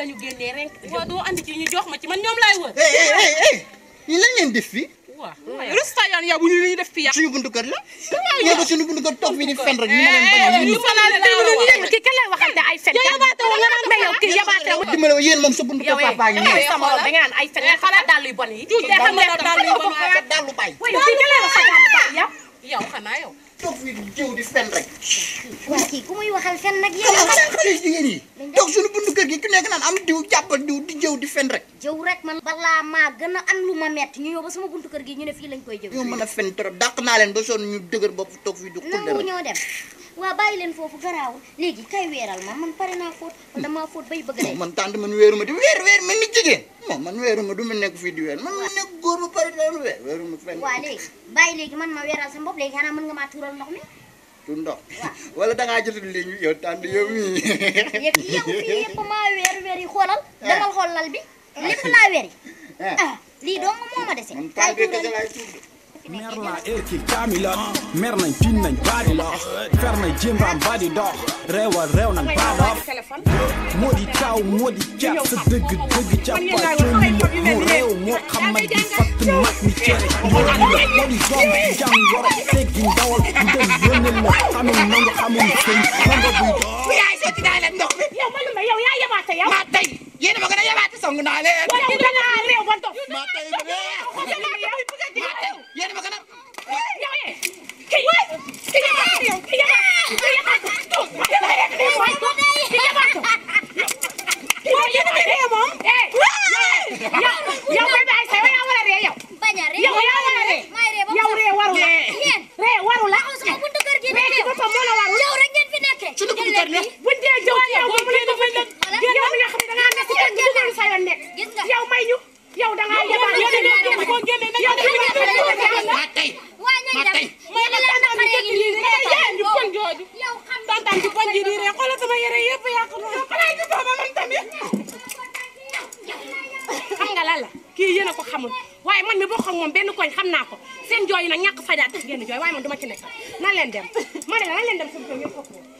lañu génnee rek doo andi ci ñu jox ma ci man ñoom laay wër. ñu lañ leen def fii. waaw restaurant yow bu ñu ñu def fii yàq. suñu buntu kër la. ñoo ko suñu buntu kër toog fi di fen rek ñu ne leen bañ a. ñu fanaan la ñu kii kan lay waxal da ay fen. yow yabaate wu nga mais yow kii da nga naan ay fen nga xalaat dàll yow toog fii di jëw di fen rek. waa kii ku muy waxal fen nag yéen a. xanaa xale jigéen yi. toog suñu buntu kër gi ku nekk naan am diw jàppal diw di jëw di fen rek. jëw rek man balaa maa gën a am lu ma metti ñu ñëw ba sama buntu kër gi ñu ne fii lañ koy jëw. ñoo mën a fen trop dàq naa leen ba sonn ñu dëgër bopp toog fii di. xulli ñoo dem. waa bàyyi leen foofu garaawul léegi kay weeral ma man pare naa fóot. man hmm. damaa fóot bay bëgg a man tànt man wéeru ma di weer weer mel ni jigéen non man weeru ma du ma nekk fii di weer man ma nekk góor bu pare daal weer weeru ma fenn. waaw léegi bàyyi léegi man ma weeral sa léegi xanaa mën nga maa tuural ndox mi. tuur ndox wala da ngaa jotul léegi yow tànn yow mii. yëpp yow maa weer weer yi xoolal. Ah. demal xool lal bi lépp laa weer yi. Ah. Ah, lii dong moo ma dese. man taal bi kese laay tuur mer la eki caami la mer nañ tiñ nañ baadi la fer nañ jimbaam baadi dox reewal reew nañ baadaf moo di taaw moo di caab sa dëgg dëgg caab waa coono lépp moo réew moo xamal di fatt mag mi cere moo di la moo di jom jàngoro teggi ndawal ndëm yónneel la xamul nangu xamul sëñ nangu buy dox yaay sotti naa leen ndox mi yow ma lu ma yow yaa yabaate yow maa tey yéen a ma gën a yabaate song naa leen internet buñ dee jëw ci ba mu nekk buñ la yow mi nga xam ne da ngaa nekk ci kër gi dugal sa yoon nekk yow may ñu yow da ngaa yebal yow da ngaa yebal yow da ngaa yebal ma tey ma tey ma ne tantaan bi jëkk a ko naa ko seen jooy nag ñàkk fajaa tax ngeen jooy waaye man ci nekk nan leen